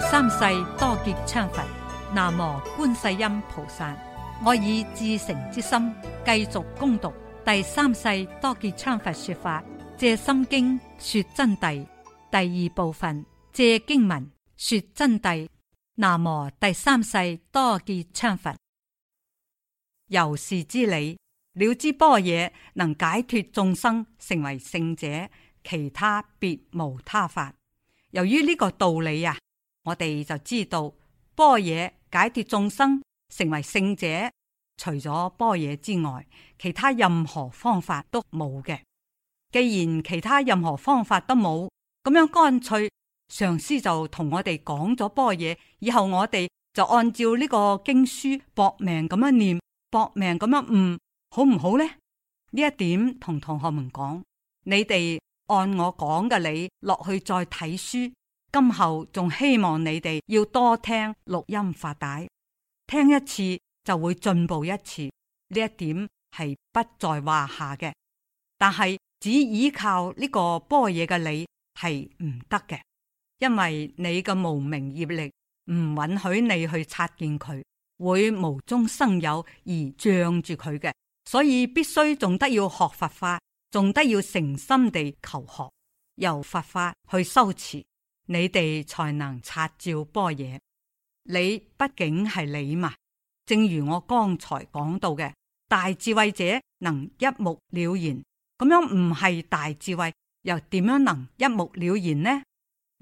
第三世多杰羌佛，南無觀世音菩薩。我以至誠之心繼續攻讀第三世多杰羌佛說法，借心經說真諦第二部分，借經文說真諦。南無第三世多杰羌佛，由是之理，了知般若能解脫眾生，成為聖者，其他別無他法。由於呢個道理呀、啊。我哋就知道般若解脫眾生成為聖者，除咗般若之外，其他任何方法都冇嘅。既然其他任何方法都冇，咁樣乾脆，上師就同我哋講咗般若，以後我哋就按照呢個經書搏命咁樣念，搏命咁樣悟，好唔好呢？呢一點同同學們講，你哋按我講嘅理落去再睇書。今後仲希望你哋要多聽錄音法帶，聽一次就會進步一次。呢一點係不在話下嘅，但係只依靠呢個般若嘅你係唔得嘅，因為你嘅無明業力唔允許你去察見佢，會無中生有而障住佢嘅。所以必須仲得要學佛法，仲得要誠心地求學，由佛法去修持。你哋才能察照般若。你畢竟係你嘛，正如我剛才講到嘅，大智慧者能一目了然，咁樣唔係大智慧，又點樣能一目了然呢？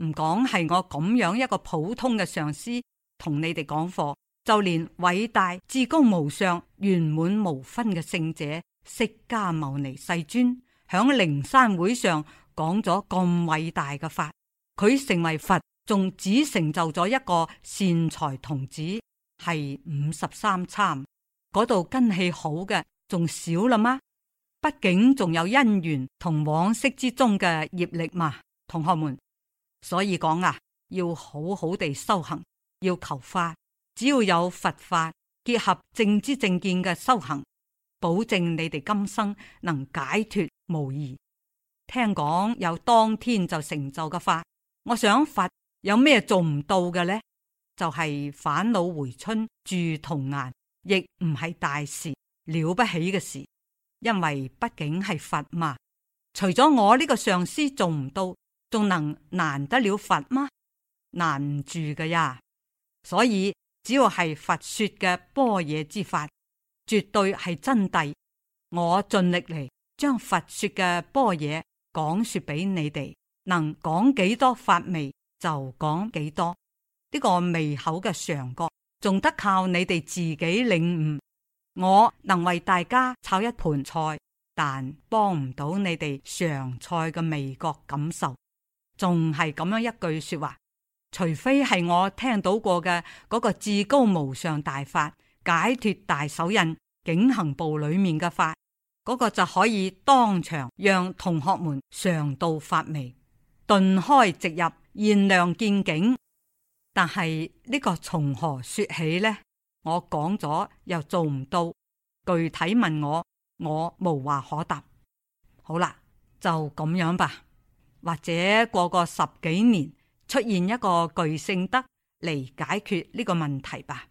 唔講係我咁樣一個普通嘅上師，同你哋講課，就連偉大至高無上、圓滿無分嘅聖者釋迦牟尼世尊，響靈山會上講咗咁偉大嘅法。佢成為佛，仲只成就咗一個善財童子，係五十三參。嗰度根氣好嘅，仲少了嗎？畢竟仲有因緣同往昔之中嘅業力嘛，同學們。所以講啊，要好好地修行，要求法，只要有佛法結合正知正見嘅修行，保證你哋今生能解脫無疑。聽講有當天就成就嘅法。我想佛有咩做唔到嘅呢？就係返老回春，住童顏，亦唔係大事，了不起嘅事。因為畢竟係佛嘛，除咗我呢個上司做唔到，仲能難得了佛嗎？難唔住嘅呀。所以只要係佛說嘅般若之法，絕對係真諦。我盡力嚟將佛說嘅般若講說俾你哋。能講幾多法味就講幾多，呢、這個味口嘅嘗覺仲得靠你哋自己領悟。我能為大家炒一盤菜，但幫唔到你哋嘗菜嘅味覺感受，仲係咁樣一句說話。除非係我聽到過嘅嗰個至高無上大法解脫大手印境行部裏面嘅法，嗰、那個就可以當場讓同學們嘗到法味。頓開直入，現量見境。但係呢個從何說起呢？我講咗又做唔到，具體問我，我無話可答。好啦，就咁樣吧。或者過個十幾年出現一個巨聖德嚟解決呢個問題吧。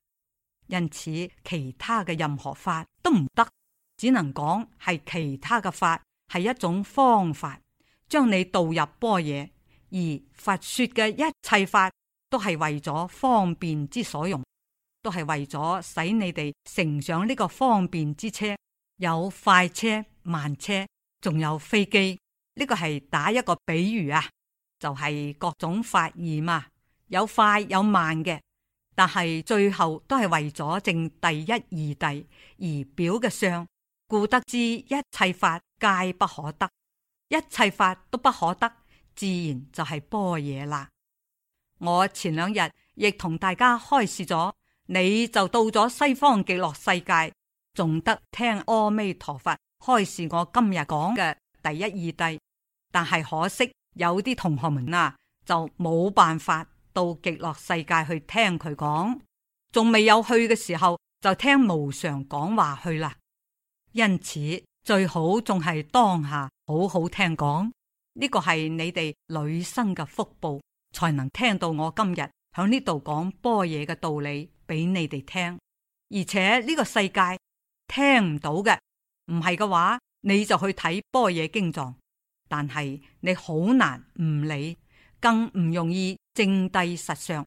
因此，其他嘅任何法都唔得，只能講係其他嘅法，係一種方法，將你導入般若，而佛說嘅一切法都係為咗方便之所用，都係為咗使你哋乘上呢個方便之車，有快車、慢車，仲有飛機。呢、這個係打一個比喻啊，就係、是、各種法義嘛，有快有慢嘅，但係最後都係為咗正第一二諦而表嘅相，故得知一切法皆不可得。一切法都不可得，自然就係般若啦。我前兩日亦同大家開示咗，你就到咗西方極樂世界，仲得聽阿彌陀佛開示我今日講嘅第一義諦。但係可惜有啲同學們啊，就冇辦法到極樂世界去聽佢講，仲未有去嘅時候就聽無常講話去啦。因此。最好仲係當下好好聽講，呢個係你哋女生嘅福報，才能聽到我今日響呢度講般若嘅道理俾你哋聽。而且呢個世界聽唔到嘅，唔係嘅話你就去睇般若經藏，但係你好難唔理，更唔容易證得實相。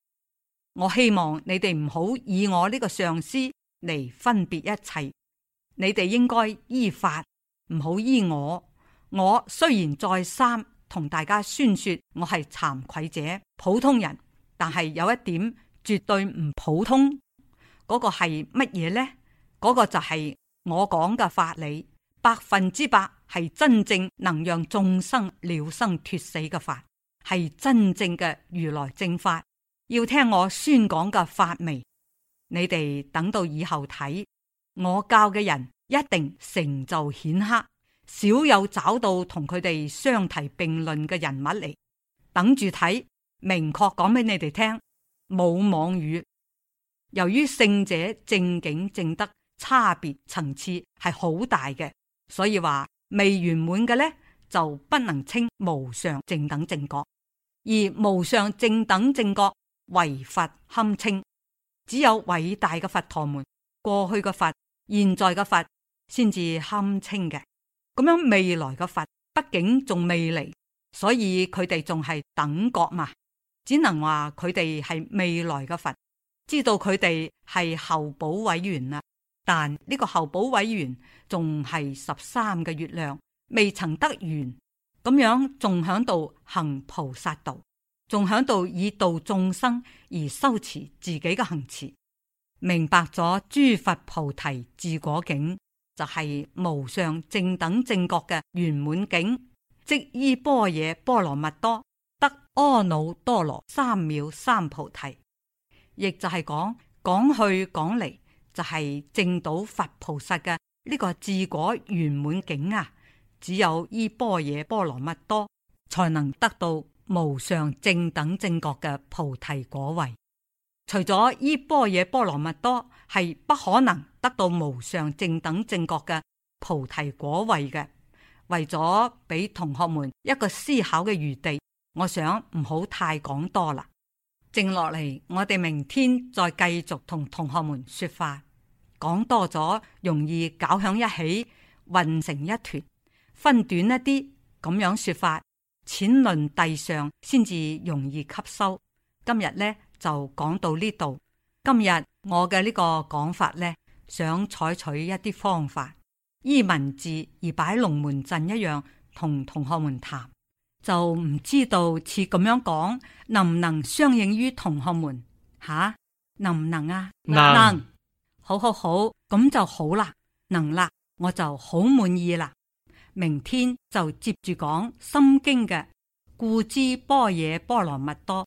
我希望你哋唔好以我呢個上師嚟分別一切。你哋應該依法，唔好依我。我雖然再三同大家宣說，我係慚愧者、普通人，但係有一點絕對唔普通。嗰個係乜嘢呢？嗰個就係我講嘅法理，百分之百係真正能讓眾生了生脫死嘅法，係真正嘅如來正法。要聽我宣講嘅法微，你哋等到以後睇。我教嘅人一定成就顯赫，少有找到同佢哋相提並論嘅人物嚟。等住睇，明確講俾你哋聽，冇妄語。由於聖者正境正德差別層次係好大嘅，所以話未圓滿嘅呢就不能稱無上正等正覺，而無上正等正覺唯佛堪稱，只有偉大嘅佛陀們過去嘅佛，現在嘅佛先至堪清嘅。咁樣未來嘅佛畢竟仲未嚟，所以佢哋仲係等覺嘛，只能話佢哋係未來嘅佛，知道佢哋係候補委員啦。但呢個候補委員仲係十三嘅月亮，未曾得圓。咁樣仲響度行菩薩道，仲響度以度眾生而修持自己嘅行持。明白咗諸佛菩提自果境，就係、是、無上正等正覺嘅圓滿境，即依般若波羅蜜多得阿耨多羅三藐三菩提，亦就係講講去講嚟，就係、是、證到佛菩薩嘅呢個自果圓滿境啊，只有依般若波羅蜜多才能得到無上正等正覺嘅菩提果位。除咗依般若波羅蜜多，係不可能得到無上正等正覺嘅菩提果位嘅。為咗俾同學們一個思考嘅餘地，我想唔好太講多啦。剩落嚟，我哋明天再繼續同同學們說法，講多咗容易搞響一起，混成一團，分短一啲咁樣說法，淺論地上先至容易吸收。今日呢，就講到呢度。今日我嘅呢個講法呢，想採取一啲方法，依文字而擺龍門陣一樣，同同學們談。就唔知道似咁樣講，能唔能相應於同學們吓？能唔能啊？能，能 好好好，咁就好啦。能啦，我就好滿意啦。明天就接住講《心經》嘅故知般若波羅蜜多，